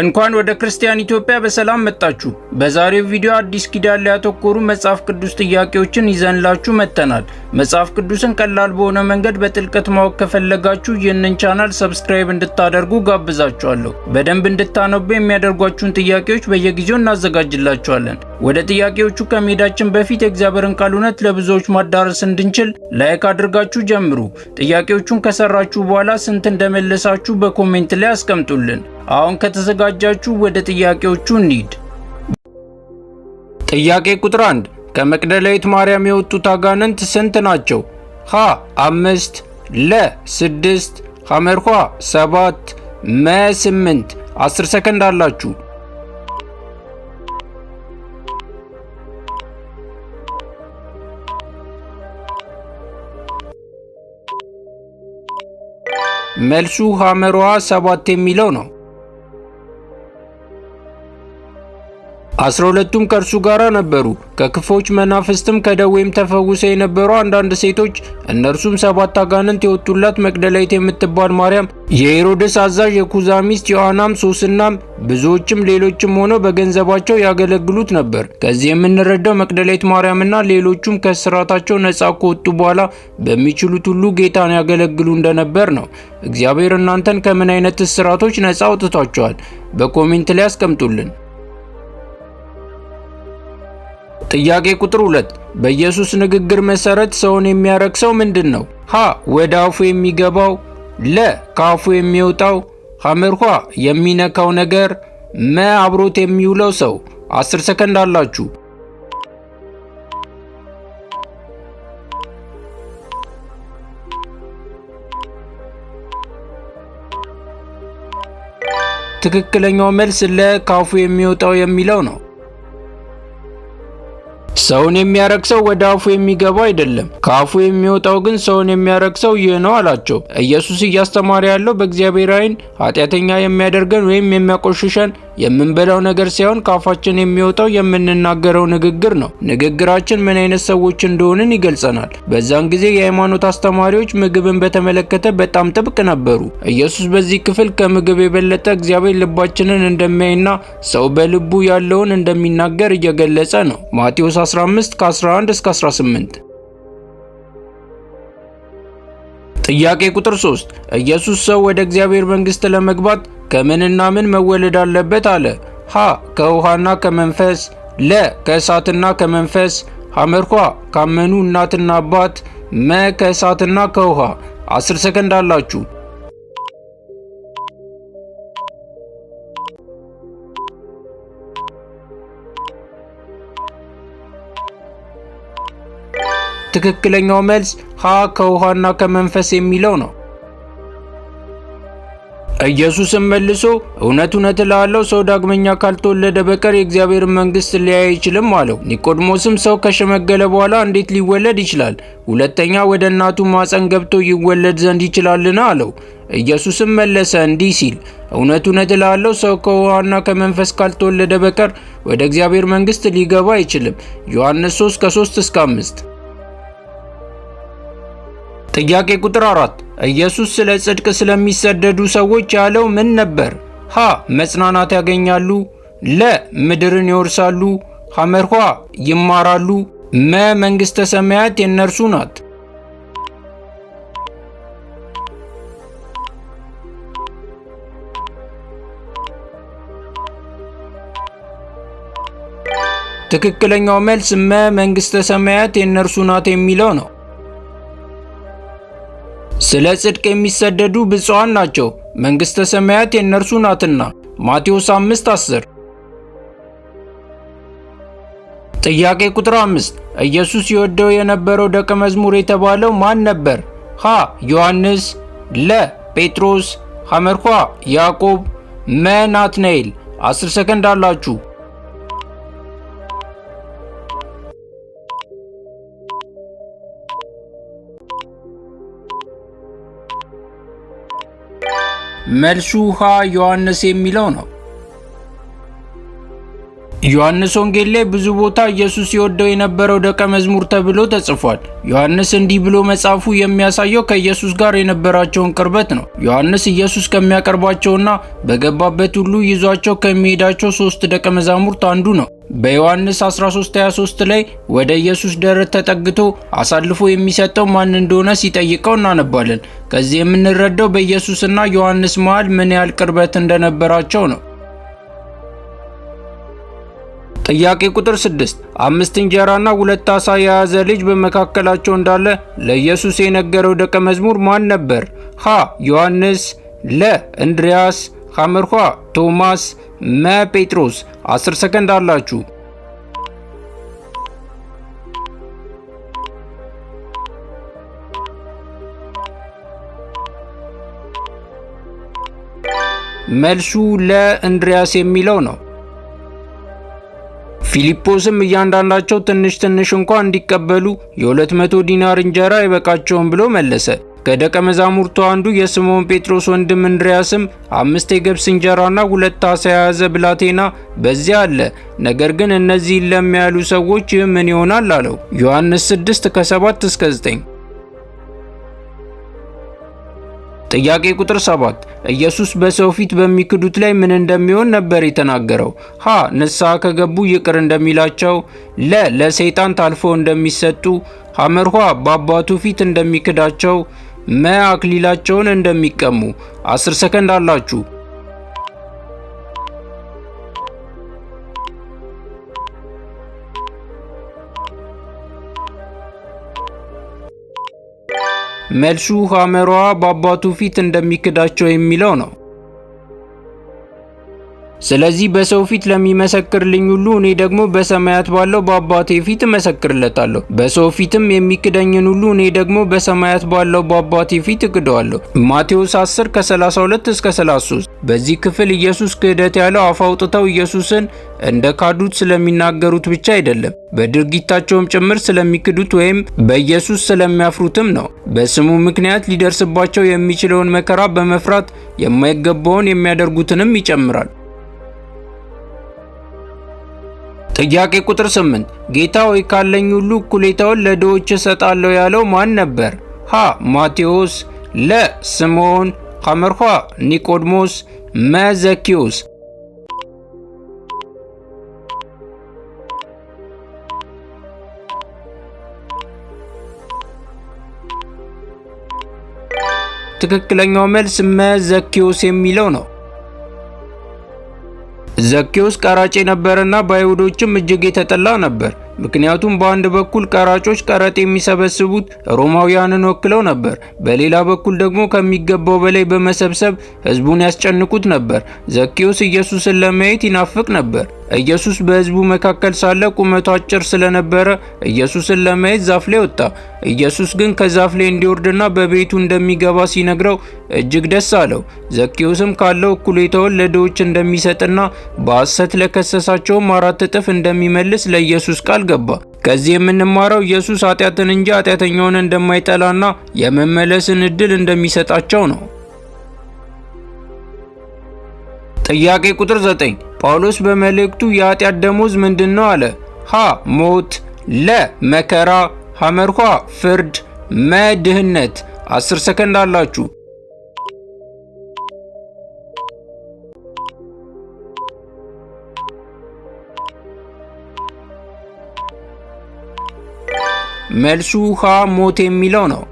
እንኳን ወደ ክርስቲያን ኢትዮጵያ በሰላም መጣችሁ። በዛሬው ቪዲዮ አዲስ ኪዳን ላይ ያተኮሩ መጽሐፍ ቅዱስ ጥያቄዎችን ይዘንላችሁ መጥተናል። መጽሐፍ ቅዱስን ቀላል በሆነ መንገድ በጥልቀት ማወቅ ከፈለጋችሁ ይህንን ቻናል ሰብስክራይብ እንድታደርጉ ጋብዛችኋለሁ። በደንብ እንድታነቡ የሚያደርጓችሁን ጥያቄዎች በየጊዜው እናዘጋጅላችኋለን። ወደ ጥያቄዎቹ ከመሄዳችን በፊት የእግዚአብሔርን ቃል እውነት ለብዙዎች ማዳረስ እንድንችል ላይክ አድርጋችሁ ጀምሩ። ጥያቄዎቹን ከሰራችሁ በኋላ ስንት እንደመለሳችሁ በኮሜንት ላይ አስቀምጡልን። አሁን ከተዘጋጃችሁ ወደ ጥያቄዎቹ እንሂድ። ጥያቄ ቁጥር 1 ከመቅደላዊት ማርያም የወጡት አጋንንት ስንት ናቸው? ሀ አምስት፣ ለ ስድስት፣ ሐመርኋ ሰባት፣ መ ስምንት። አስር ሰከንድ አላችሁ። መልሱ ሐመርኋ ሰባት የሚለው ነው። አስራ ሁለቱም ከእርሱ ጋር ነበሩ። ከክፎች መናፍስትም ከደዌም ተፈውሰ የነበሩ አንዳንድ ሴቶች፣ እነርሱም ሰባት አጋንንት የወጡላት መግደላዊት የምትባል ማርያም፣ የሄሮድስ አዛዥ የኩዛ ሚስት ዮሐናም፣ ሶስናም ብዙዎችም ሌሎችም ሆነው በገንዘባቸው ያገለግሉት ነበር። ከዚህ የምንረዳው መግደላዊት ማርያምና ሌሎቹም ከስራታቸው ነጻ ከወጡ በኋላ በሚችሉት ሁሉ ጌታን ያገለግሉ እንደነበር ነው። እግዚአብሔር እናንተን ከምን አይነት ስራቶች ነጻ አውጥቷቸዋል? በኮሜንት ላይ አስቀምጡልን። ጥያቄ ቁጥር 2 በኢየሱስ ንግግር መሰረት ሰውን የሚያረክሰው ምንድን ነው? ሀ ወደ አፉ የሚገባው፣ ለ ከአፉ የሚወጣው፣ ሐመርኋ የሚነካው ነገር፣ መ አብሮት የሚውለው ሰው። 10 ሰከንድ አላችሁ። ትክክለኛው መልስ ለ ከአፉ የሚወጣው የሚለው ነው። ሰውን የሚያረክሰው ወደ አፉ የሚገባው አይደለም፣ ከአፉ የሚወጣው ግን ሰውን የሚያረክሰው ይህ ነው አላቸው። ኢየሱስ እያስተማረ ያለው በእግዚአብሔር ዓይን ኃጢአተኛ የሚያደርገን ወይም የሚያቆሽሸን የምንበላው ነገር ሳይሆን ከአፋችን የሚወጣው የምንናገረው ንግግር ነው። ንግግራችን ምን አይነት ሰዎች እንደሆንን ይገልጸናል። በዛን ጊዜ የሃይማኖት አስተማሪዎች ምግብን በተመለከተ በጣም ጥብቅ ነበሩ። ኢየሱስ በዚህ ክፍል ከምግብ የበለጠ እግዚአብሔር ልባችንን እንደሚያይና ሰው በልቡ ያለውን እንደሚናገር እየገለጸ ነው። ማቴዎስ 15 ከ11 እስከ 18 ጥያቄ ቁጥር 3 ኢየሱስ ሰው ወደ እግዚአብሔር መንግሥት ለመግባት ከምንና ምን መወለድ አለበት አለ። ሀ ከውሃና ከመንፈስ፣ ለ ከእሳትና ከመንፈስ፣ ሐመርኳ ካመኑ እናትና አባት፣ መ ከእሳትና ከውሃ። አስር ሰከንድ አላችሁ። ትክክለኛው መልስ ሀ ከውሃና ከመንፈስ የሚለው ነው። ኢየሱስም መልሶ እውነት እውነት እልሃለሁ ሰው ዳግመኛ ካልተወለደ በቀር የእግዚአብሔርን መንግሥት ሊያይ አይችልም አለው። ኒቆድሞስም ሰው ከሸመገለ በኋላ እንዴት ሊወለድ ይችላል? ሁለተኛ ወደ እናቱ ማፀን ገብቶ ይወለድ ዘንድ ይችላልን? አለው። ኢየሱስም መለሰ እንዲህ ሲል እውነት እውነት እልሃለሁ ሰው ከውሃና ከመንፈስ ካልተወለደ በቀር ወደ እግዚአብሔር መንግሥት ሊገባ አይችልም። ዮሐንስ 3 ከ3 እስከ 5 ጥያቄ ቁጥር 4 ኢየሱስ ስለ ጽድቅ ስለሚሰደዱ ሰዎች ያለው ምን ነበር? ሀ መጽናናት ያገኛሉ፣ ለ ምድርን ይወርሳሉ፣ ሐመርኳ ይማራሉ፣ መ መንግሥተ ሰማያት የእነርሱ ናት። ትክክለኛው መልስ መ መንግሥተ ሰማያት የእነርሱ ናት የሚለው ነው። ስለ ጽድቅ የሚሰደዱ ብፁዓን ናቸው፣ መንግሥተ ሰማያት የእነርሱ ናትና። ማቴዎስ 5:10 ጥያቄ ቁጥር 5 ኢየሱስ ይወደው የነበረው ደቀ መዝሙር የተባለው ማን ነበር? ሀ. ዮሐንስ ለ. ጴጥሮስ ሐመርኳ ያዕቆብ መ. ናትናኤል 10 ሰከንድ አላችሁ። መልሱ ሀ ዮሐንስ የሚለው ነው። ዮሐንስ ወንጌል ላይ ብዙ ቦታ ኢየሱስ ሲወደው የነበረው ደቀ መዝሙር ተብሎ ተጽፏል። ዮሐንስ እንዲህ ብሎ መጻፉ የሚያሳየው ከኢየሱስ ጋር የነበራቸውን ቅርበት ነው። ዮሐንስ ኢየሱስ ከሚያቀርባቸውና በገባበት ሁሉ ይዟቸው ከሚሄዳቸው ሶስት ደቀ መዛሙርት አንዱ ነው። በዮሐንስ 13:23 ላይ ወደ ኢየሱስ ደረት ተጠግቶ አሳልፎ የሚሰጠው ማን እንደሆነ ሲጠይቀው እናነባለን። ከዚህ የምንረዳው በኢየሱስና ዮሐንስ መሃል ምን ያህል ቅርበት እንደነበራቸው ነው። ጥያቄ ቁጥር 6 አምስት እንጀራና ሁለት ዓሣ የያዘ ልጅ በመካከላቸው እንዳለ ለኢየሱስ የነገረው ደቀ መዝሙር ማን ነበር? ሀ ዮሐንስ፣ ለ እንድሪያስ፣ ሐመርኳ ቶማስ መ ጴጥሮስ 10 ሰከንድ አላችሁ። መልሱ ለእንድሪያስ የሚለው ነው። ፊሊፖስም እያንዳንዳቸው ትንሽ ትንሽ እንኳ እንዲቀበሉ የ200 ዲናር እንጀራ ይበቃቸውን ብሎ መለሰ። ከደቀ መዛሙርቱ አንዱ የስምዖን ጴጥሮስ ወንድም እንድርያስም አምስት የገብስ እንጀራና ሁለት ዓሣ የያዘ ብላቴና በዚያ አለ፣ ነገር ግን እነዚህ ለሚያሉ ሰዎች ይህ ምን ይሆናል አለው። ዮሐንስ 6 ከ7 እስከ 9። ጥያቄ ቁጥር 7 ኢየሱስ በሰው ፊት በሚክዱት ላይ ምን እንደሚሆን ነበር የተናገረው? ሀ ንስሐ ከገቡ ይቅር እንደሚላቸው፣ ለ ለሰይጣን ታልፎ እንደሚሰጡ፣ ሐመርኋ በአባቱ ፊት እንደሚክዳቸው መ አክሊላቸውን እንደሚቀሙ። 10 ሰከንድ አላችሁ። መልሱ ሐመሯ በአባቱ ፊት እንደሚክዳቸው የሚለው ነው። ስለዚህ በሰው ፊት ለሚመሰክርልኝ ሁሉ እኔ ደግሞ በሰማያት ባለው በአባቴ ፊት እመሰክርለታለሁ። በሰው ፊትም የሚክደኝን ሁሉ እኔ ደግሞ በሰማያት ባለው በአባቴ ፊት እክደዋለሁ። ማቴዎስ 10 ከ32 እስከ 33። በዚህ ክፍል ኢየሱስ ክህደት ያለው አፍ አውጥተው ኢየሱስን እንደ ካዱት ስለሚናገሩት ብቻ አይደለም፣ በድርጊታቸውም ጭምር ስለሚክዱት ወይም በኢየሱስ ስለሚያፍሩትም ነው። በስሙ ምክንያት ሊደርስባቸው የሚችለውን መከራ በመፍራት የማይገባውን የሚያደርጉትንም ይጨምራል። ጥያቄ ቁጥር 8 ጌታ ሆይ ካለኝ ሁሉ እኩሌታውን ለድሆች እሰጣለሁ ያለው ማን ነበር? ሀ ማቴዎስ፣ ለ ስምዖን፣ ሐመርኋ ኒቆድሞስ፣ መ ትክክለኛው መልስ መ የሚለው ነው። ዘኬዎስ ቀራጭ ነበርና በአይሁዶችም እጅግ የተጠላ ነበር። ምክንያቱም በአንድ በኩል ቀራጮች ቀረጥ የሚሰበስቡት ሮማውያንን ወክለው ነበር፣ በሌላ በኩል ደግሞ ከሚገባው በላይ በመሰብሰብ ሕዝቡን ያስጨንቁት ነበር። ዘኬዎስ ኢየሱስን ለማየት ይናፍቅ ነበር። ኢየሱስ በሕዝቡ መካከል ሳለ ቁመቱ አጭር ስለነበረ ኢየሱስን ለማየት ዛፍ ላይ ወጣ። ኢየሱስ ግን ከዛፍ ላይ እንዲወርድና በቤቱ እንደሚገባ ሲነግረው እጅግ ደስ አለው። ዘኬዎስም ካለው እኩሌታውን ለድሆች እንደሚሰጥና በሐሰት ለከሰሳቸውም አራት እጥፍ እንደሚመልስ ለኢየሱስ ቃል ገባ። ከዚህ የምንማረው ኢየሱስ ኃጢአትን እንጂ ኃጢአተኛውን እንደማይጠላና የመመለስን እድል እንደሚሰጣቸው ነው። ጥያቄ ቁጥር 9 ጳውሎስ በመልእክቱ የኃጢአት ደሞዝ ምንድን ነው አለ? ሀ ሞት፣ ለ መከራ፣ ሐመርኳ ፍርድ፣ መ ድህነት። አስር ሰከንድ አላችሁ። መልሱ ሀ ሞት የሚለው ነው።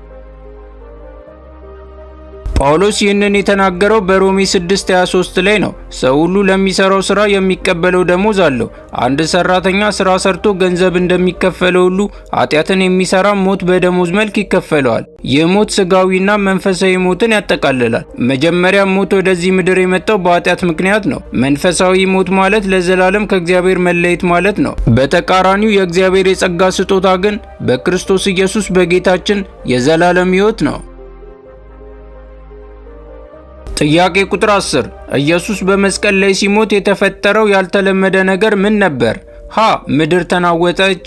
ጳውሎስ ይህንን የተናገረው በሮሜ 6:23 ላይ ነው። ሰው ሁሉ ለሚሰራው ስራ የሚቀበለው ደሞዝ አለው። አንድ ሰራተኛ ስራ ሰርቶ ገንዘብ እንደሚከፈለው ሁሉ ኃጢአትን የሚሰራ ሞት በደሞዝ መልክ ይከፈለዋል። ይህ ሞት ስጋዊና መንፈሳዊ ሞትን ያጠቃልላል። መጀመሪያ ሞት ወደዚህ ምድር የመጣው በኃጢአት ምክንያት ነው። መንፈሳዊ ሞት ማለት ለዘላለም ከእግዚአብሔር መለየት ማለት ነው። በተቃራኒው የእግዚአብሔር የጸጋ ስጦታ ግን በክርስቶስ ኢየሱስ በጌታችን የዘላለም ሕይወት ነው። ጥያቄ ቁጥር 10 ኢየሱስ በመስቀል ላይ ሲሞት የተፈጠረው ያልተለመደ ነገር ምን ነበር? ሀ ምድር ተናወጠች፣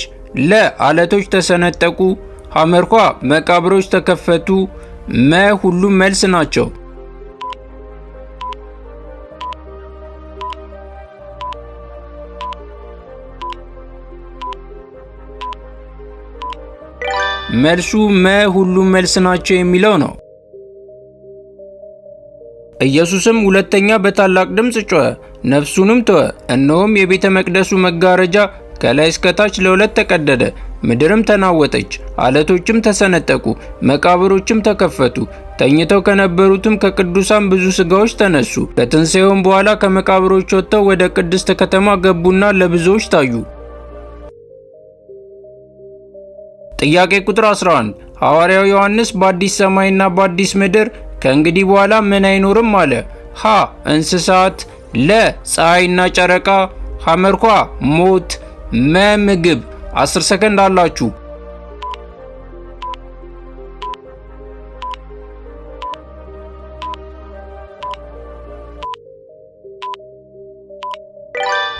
ለ አለቶች ተሰነጠቁ፣ ሐመርኳ መቃብሮች ተከፈቱ፣ መ ሁሉም መልስ ናቸው። መልሱ መ ሁሉም መልስ ናቸው የሚለው ነው። ኢየሱስም ሁለተኛ በታላቅ ድምፅ ጮኸ፣ ነፍሱንም ተወ። እነሆም የቤተ መቅደሱ መጋረጃ ከላይ እስከታች ለሁለት ተቀደደ። ምድርም ተናወጠች፣ አለቶችም ተሰነጠቁ፣ መቃብሮችም ተከፈቱ። ተኝተው ከነበሩትም ከቅዱሳን ብዙ ስጋዎች ተነሱ። ከትንሣኤውም በኋላ ከመቃብሮች ወጥተው ወደ ቅድስት ከተማ ገቡና ለብዙዎች ታዩ። ጥያቄ ቁጥር 11 ሐዋርያው ዮሐንስ በአዲስ ሰማይና በአዲስ ምድር ከእንግዲህ በኋላ ምን አይኖርም አለ። ሀ እንስሳት፣ ለ ፀሐይና ጨረቃ፣ ሐመርኳ ሞት፣ መ ምግብ። 10 ሰከንድ አላችሁ።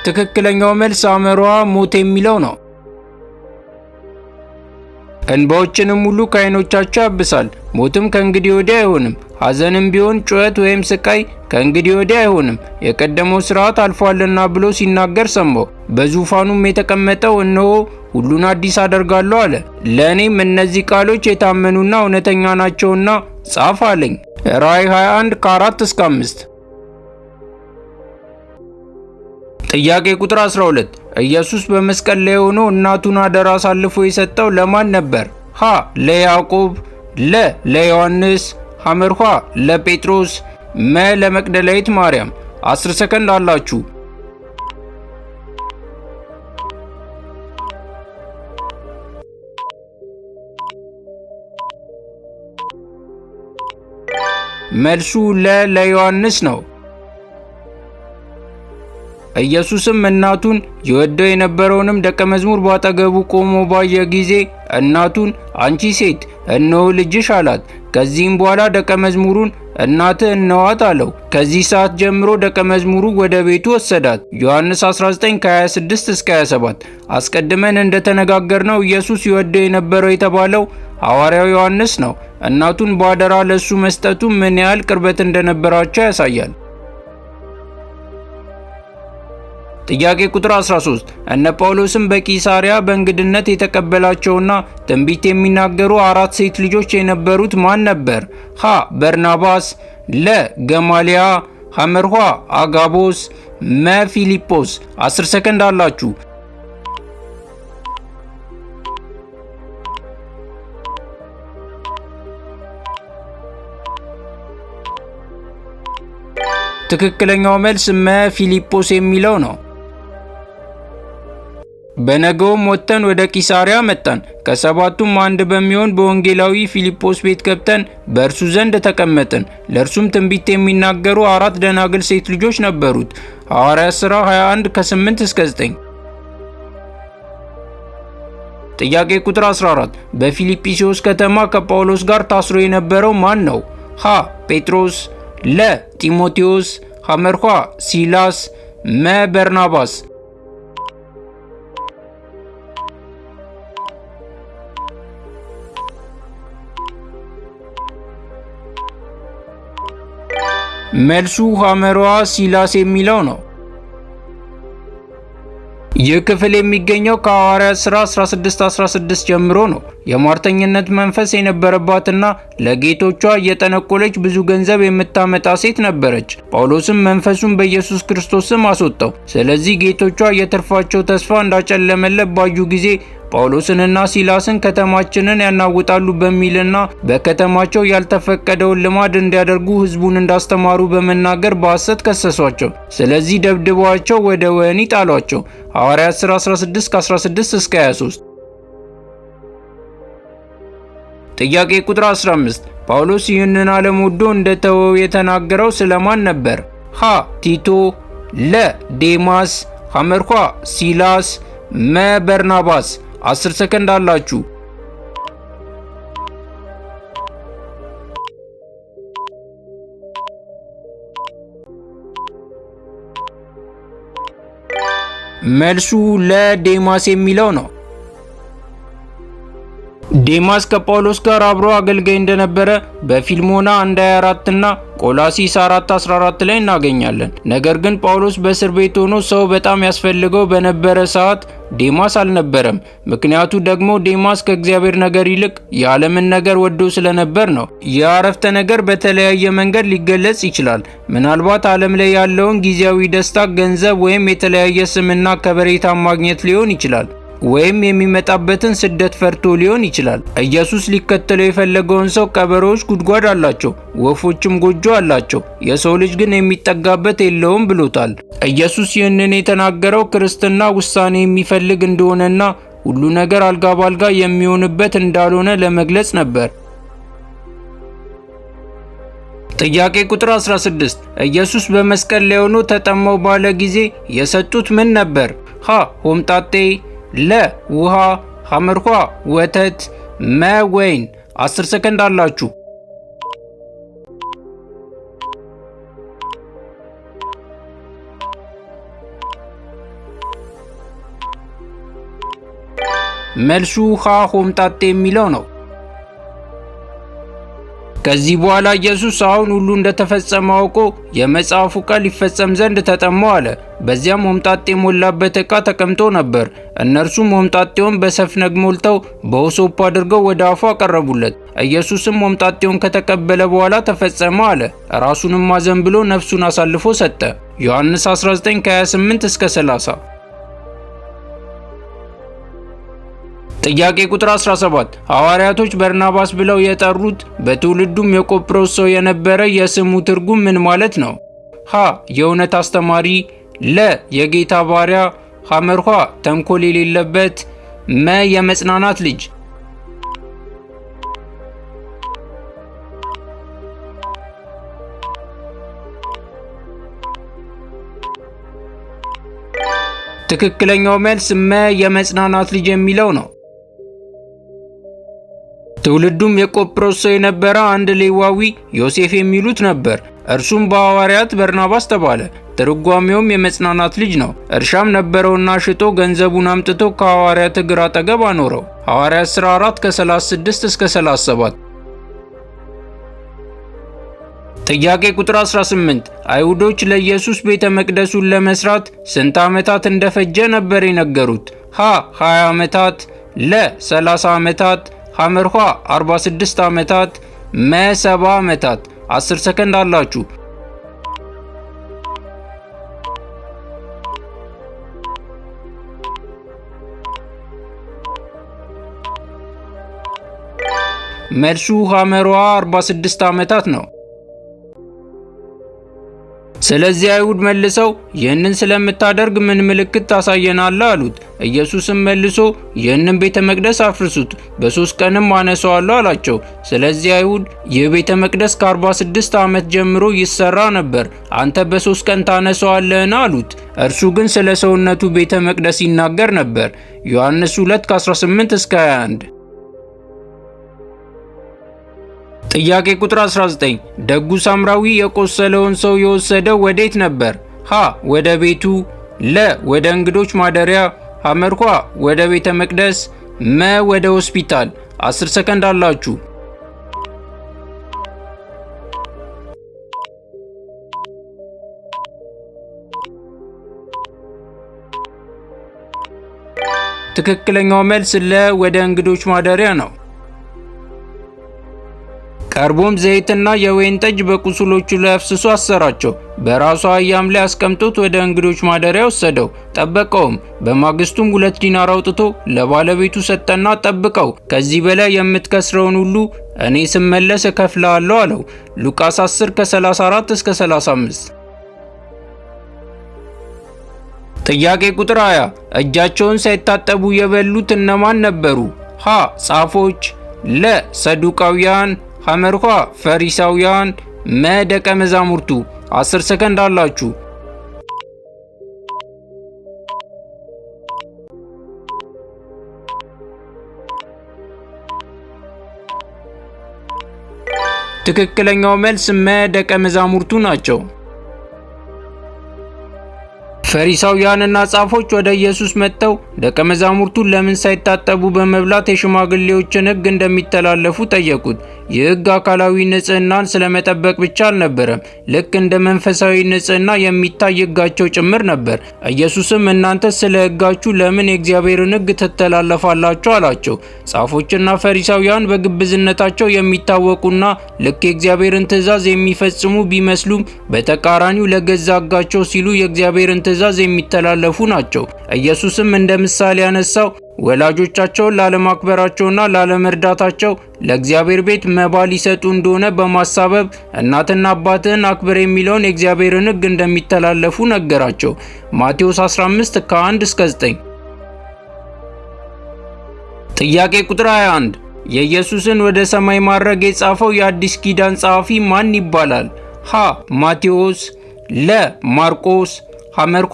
ትክክለኛው መልስ አመሯ ሞት የሚለው ነው። እንባዎችንም ሁሉ ከዓይኖቻቸው ያብሳል። ሞትም ከእንግዲህ ወዲህ አይሆንም፣ ሐዘንም ቢሆን ጩኸት ወይም ስቃይ ከእንግዲህ ወዲህ አይሆንም፣ የቀደመው ስርዓት አልፏልና ብሎ ሲናገር ሰማሁ። በዙፋኑም የተቀመጠው እነሆ ሁሉን አዲስ አደርጋለሁ አለ። ለእኔም እነዚህ ቃሎች የታመኑና እውነተኛ ናቸውና ጻፍ አለኝ። ራእይ 21 ከ4 እስከ 5። ጥያቄ ቁጥር 12 ኢየሱስ በመስቀል ላይ ሆኖ እናቱን አደራ አሳልፎ የሰጠው ለማን ነበር? ሀ ለያዕቆብ፣ ለ ለዮሐንስ፣ ሐመርኋ ለጴጥሮስ፣ መ ለመቅደላዊት ማርያም። 10 ሰከንድ አላችሁ። መልሱ ለ ለዮሐንስ ነው። ኢየሱስም እናቱን ይወደው የነበረውንም ደቀ መዝሙር ባጠገቡ ቆሞ ባየ ጊዜ እናቱን አንቺ ሴት እነሆ ልጅሽ አላት። ከዚህም በኋላ ደቀ መዝሙሩን እናትህ እነዋት አለው። ከዚህ ሰዓት ጀምሮ ደቀ መዝሙሩ ወደ ቤቱ ወሰዳት። ዮሐንስ 19:26-27 አስቀድመን እንደተነጋገርነው ኢየሱስ ይወደው የነበረው የተባለው ሐዋርያው ዮሐንስ ነው። እናቱን በአደራ ለእሱ መስጠቱ ምን ያህል ቅርበት እንደነበራቸው ያሳያል። ጥያቄ ቁጥር 13 እነ ጳውሎስም በቂሳሪያ በእንግድነት የተቀበላቸውና ትንቢት የሚናገሩ አራት ሴት ልጆች የነበሩት ማን ነበር? ሀ በርናባስ፣ ለ ገማሊያ፣ ሐመርኋ አጋቦስ፣ መ ፊሊጶስ። 10 ሰከንድ አላችሁ። ትክክለኛው መልስ መ ፊሊጶስ የሚለው ነው። በነገውም ወጥተን ወደ ቂሳሪያ መጣን። ከሰባቱም አንድ በሚሆን በወንጌላዊ ፊልጶስ ቤት ገብተን በእርሱ ዘንድ ተቀመጥን። ለእርሱም ትንቢት የሚናገሩ አራት ደናግል ሴት ልጆች ነበሩት። ሐዋርያ ሥራ 21 ከ8 እስከ 9። ጥያቄ ቁጥር 14 በፊልጵስዩስ ከተማ ከጳውሎስ ጋር ታስሮ የነበረው ማን ነው? ሀ ጴጥሮስ፣ ለ ጢሞቴዎስ፣ ሐመርኳ ሲላስ፣ መ በርናባስ መልሱ ሐመሯ ሲላስ የሚለው ነው። ይህ ክፍል የሚገኘው ከሐዋርያት ሥራ 16:16 ጀምሮ ነው። የሟርተኝነት መንፈስ የነበረባትና ለጌቶቿ እየጠነቆለች ብዙ ገንዘብ የምታመጣ ሴት ነበረች። ጳውሎስም መንፈሱን በኢየሱስ ክርስቶስ ስም አስወጣው። ስለዚህ ጌቶቿ የትርፋቸው ተስፋ እንዳጨለመለት ባዩ ጊዜ ጳውሎስንና ሲላስን ከተማችንን ያናውጣሉ በሚልና በከተማቸው ያልተፈቀደውን ልማድ እንዲያደርጉ ሕዝቡን እንዳስተማሩ በመናገር በሐሰት ከሰሷቸው። ስለዚህ ደብድበዋቸው ወደ ወህኒ ጣሏቸው። ሐዋርያት 16:16-23 ጥያቄ ቁጥር 15 ጳውሎስ ይህንን ዓለም ወዶ እንደተወው የተናገረው ስለማን ነበር? ሀ ቲቶ፣ ለ ዴማስ፣ ሐመርኳ ሲላስ፣ መ በርናባስ አስር ሰከንድ አላችሁ። መልሱ ለዴማስ የሚለው ነው። ዴማስ ከጳውሎስ ጋር አብሮ አገልጋይ እንደነበረ በፊልሞና 24 እና ቆላሲስ 4 14 ላይ እናገኛለን። ነገር ግን ጳውሎስ በእስር ቤት ሆኖ ሰው በጣም ያስፈልገው በነበረ ሰዓት ዴማስ አልነበረም። ምክንያቱ ደግሞ ዴማስ ከእግዚአብሔር ነገር ይልቅ የዓለምን ነገር ወዶ ስለነበር ነው። የአረፍተ ነገር በተለያየ መንገድ ሊገለጽ ይችላል። ምናልባት ዓለም ላይ ያለውን ጊዜያዊ ደስታ፣ ገንዘብ ወይም የተለያየ ስምና ከበሬታ ማግኘት ሊሆን ይችላል። ወይም የሚመጣበትን ስደት ፈርቶ ሊሆን ይችላል። ኢየሱስ ሊከተለው የፈለገውን ሰው ቀበሮዎች ጉድጓድ አላቸው፣ ወፎችም ጎጆ አላቸው፣ የሰው ልጅ ግን የሚጠጋበት የለውም ብሎታል። ኢየሱስ ይህንን የተናገረው ክርስትና ውሳኔ የሚፈልግ እንደሆነና ሁሉ ነገር አልጋ ባልጋ የሚሆንበት እንዳልሆነ ለመግለጽ ነበር። ጥያቄ ቁጥር 16 ኢየሱስ በመስቀል ላይ ሆኖ ተጠመው ባለ ጊዜ የሰጡት ምን ነበር? ሀ ሆምጣጤ፣ ለ ውሃ፣ ሐመርኳ ወተት፣ መ ወይን። 10 ሰከንድ አላችሁ። መልሱ ውሃ ሆምጣጤ የሚለው ነው። ከዚህ በኋላ ኢየሱስ አሁን ሁሉ እንደተፈጸመ አውቆ የመጽሐፉ ቃል ይፈጸም ዘንድ ተጠማው አለ። በዚያም ሆምጣጤ የሞላበት ዕቃ ተቀምጦ ነበር። እነርሱም ሆምጣጤውን በሰፍነግ ሞልተው በውሶፕ አድርገው ወደ አፉ አቀረቡለት። ኢየሱስም ሆምጣጤውን ከተቀበለ በኋላ ተፈጸመ አለ። ራሱንም አዘንብሎ ነፍሱን አሳልፎ ሰጠ። ዮሐንስ 19 28 እስከ 30 ጥያቄ ቁጥር 17 ሐዋርያቶች በርናባስ ብለው የጠሩት በትውልዱም የቆጵሮስ ሰው የነበረ የስሙ ትርጉም ምን ማለት ነው? ሀ የእውነት አስተማሪ፣ ለ የጌታ ባሪያ፣ ሐመርኋ ተንኮል የሌለበት፣ መ የመጽናናት ልጅ። ትክክለኛው መልስ መ የመጽናናት ልጅ የሚለው ነው። ትውልዱም የቆጵሮስ ሰው የነበረ አንድ ሌዋዊ ዮሴፍ የሚሉት ነበር። እርሱም በሐዋርያት በርናባስ ተባለ። ትርጓሜውም የመጽናናት ልጅ ነው። እርሻም ነበረውና ሽጦ ገንዘቡን አምጥቶ ከሐዋርያት እግር አጠገብ አኖረው። ሐዋርያት ሥራ 4 ከ36 እስከ 37። ጥያቄ ቁጥር 18 አይሁዶች ለኢየሱስ ቤተ መቅደሱን ለመስራት ስንት ዓመታት እንደፈጀ ነበር የነገሩት? ሀ 20 ዓመታት፣ ለ 30 ዓመታት፣ ሐመርኋ 46 ዓመታት መሰባ ዓመታት 10 ሰከንድ አላችሁ። መልሱ ሐመርኋ 46 ዓመታት ነው። ስለዚህ አይሁድ መልሰው ይህንን ስለምታደርግ ምን ምልክት ታሳየናለህ? አሉት። ኢየሱስም መልሶ ይህንን ቤተ መቅደስ አፍርሱት፣ በሶስት ቀንም አነሳዋለሁ አላቸው። ስለዚህ አይሁድ ይህ ቤተ መቅደስ ከ46 ዓመት ጀምሮ ይሰራ ነበር፣ አንተ በሶስት ቀን ታነሰዋለህን? አሉት። እርሱ ግን ስለ ሰውነቱ ቤተ መቅደስ ይናገር ነበር። ዮሐንስ 2 ከ18 እስከ 21 ጥያቄ ቁጥር 19 ደጉ ሳምራዊ የቆሰለውን ሰው የወሰደው ወዴት ነበር? ሀ ወደ ቤቱ፣ ለ ወደ እንግዶች ማደሪያ፣ ሐመርኳ ወደ ቤተ መቅደስ፣ መ ወደ ሆስፒታል። 10 ሰከንድ አላችሁ። ትክክለኛው መልስ ለ ወደ እንግዶች ማደሪያ ነው። ቀርቦም ዘይትና የወይን ጠጅ በቁስሎቹ ላይ አፍስሶ አሰራቸው። በራሱ አህያም ላይ አስቀምጦት ወደ እንግዶች ማደሪያ ወሰደው፣ ጠበቀውም። በማግስቱም ሁለት ዲናር አውጥቶ ለባለቤቱ ሰጠና ጠብቀው፣ ከዚህ በላይ የምትከስረውን ሁሉ እኔ ስመለስ እከፍልሃለሁ አለው። ሉቃስ 10 ከ34 እስከ 35 ጥያቄ ቁጥር 20 እጃቸውን ሳይታጠቡ የበሉት እነማን ነበሩ? ሀ ጻፎች፣ ለ ሰዱቃውያን፣ ሐመርኳ ፈሪሳውያን መደቀ መዛሙርቱ አስር ሰከንድ አላችሁ። ትክክለኛው መልስ መደቀ መዛሙርቱ ናቸው። ፈሪሳውያንና ጻፎች ወደ ኢየሱስ መጥተው ደቀ መዛሙርቱን ለምን ሳይታጠቡ በመብላት የሽማግሌዎችን ሕግ እንደሚተላለፉ ጠየቁት። ይህ ሕግ አካላዊ ንጽህናን ስለመጠበቅ ብቻ አልነበረም፣ ልክ እንደ መንፈሳዊ ንጽህና የሚታይ ሕጋቸው ጭምር ነበር። ኢየሱስም እናንተ ስለ ሕጋችሁ ለምን የእግዚአብሔርን ሕግ ትተላለፋላችሁ አላቸው። ጻፎችና ፈሪሳውያን በግብዝነታቸው የሚታወቁና ልክ የእግዚአብሔርን ትእዛዝ የሚፈጽሙ ቢመስሉም በተቃራኒው ለገዛ ሕጋቸው ሲሉ የእግዚአብሔርን ትእዛዝ ትእዛዝ የሚተላለፉ ናቸው። ኢየሱስም እንደ ምሳሌ ያነሳው ወላጆቻቸውን ላለማክበራቸውና ላለመርዳታቸው ለእግዚአብሔር ቤት መባ ሊሰጡ እንደሆነ በማሳበብ እናትና አባትህን አክብር የሚለውን የእግዚአብሔርን ሕግ እንደሚተላለፉ ነገራቸው። ማቴዎስ 15 ከ1 እስከ 9። ጥያቄ ቁጥር 21 የኢየሱስን ወደ ሰማይ ማድረግ የጻፈው የአዲስ ኪዳን ጸሐፊ ማን ይባላል? ሀ ማቴዎስ፣ ለ ማርቆስ፣ ሐመርኳ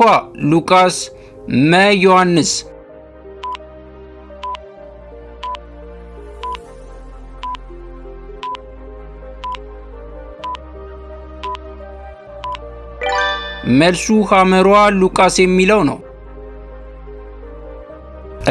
ሉቃስ መ ዮሐንስ መልሱ ሐመሯ ሉቃስ የሚለው ነው።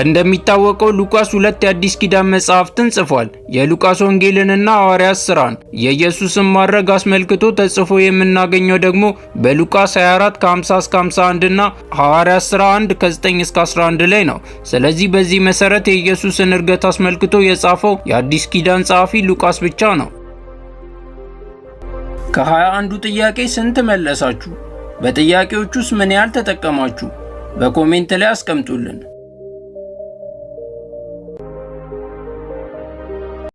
እንደሚታወቀው ሉቃስ ሁለት የአዲስ ኪዳን መጽሐፍትን ጽፏል። የሉቃስ ወንጌልንና ሐዋርያት ሥራን የኢየሱስን ማድረግ አስመልክቶ ተጽፎ የምናገኘው ደግሞ በሉቃስ 24 ከ50 እስከ 51 እና ሐዋርያት ሥራ 1 ከ9 እስከ 11 ላይ ነው። ስለዚህ በዚህ መሰረት የኢየሱስን እርገት አስመልክቶ የጻፈው የአዲስ ኪዳን ጸሐፊ ሉቃስ ብቻ ነው። ከሀያ 1ዱ ጥያቄ ስንት መለሳችሁ? በጥያቄዎቹስ ውስጥ ምን ያህል ተጠቀማችሁ? በኮሜንት ላይ አስቀምጡልን።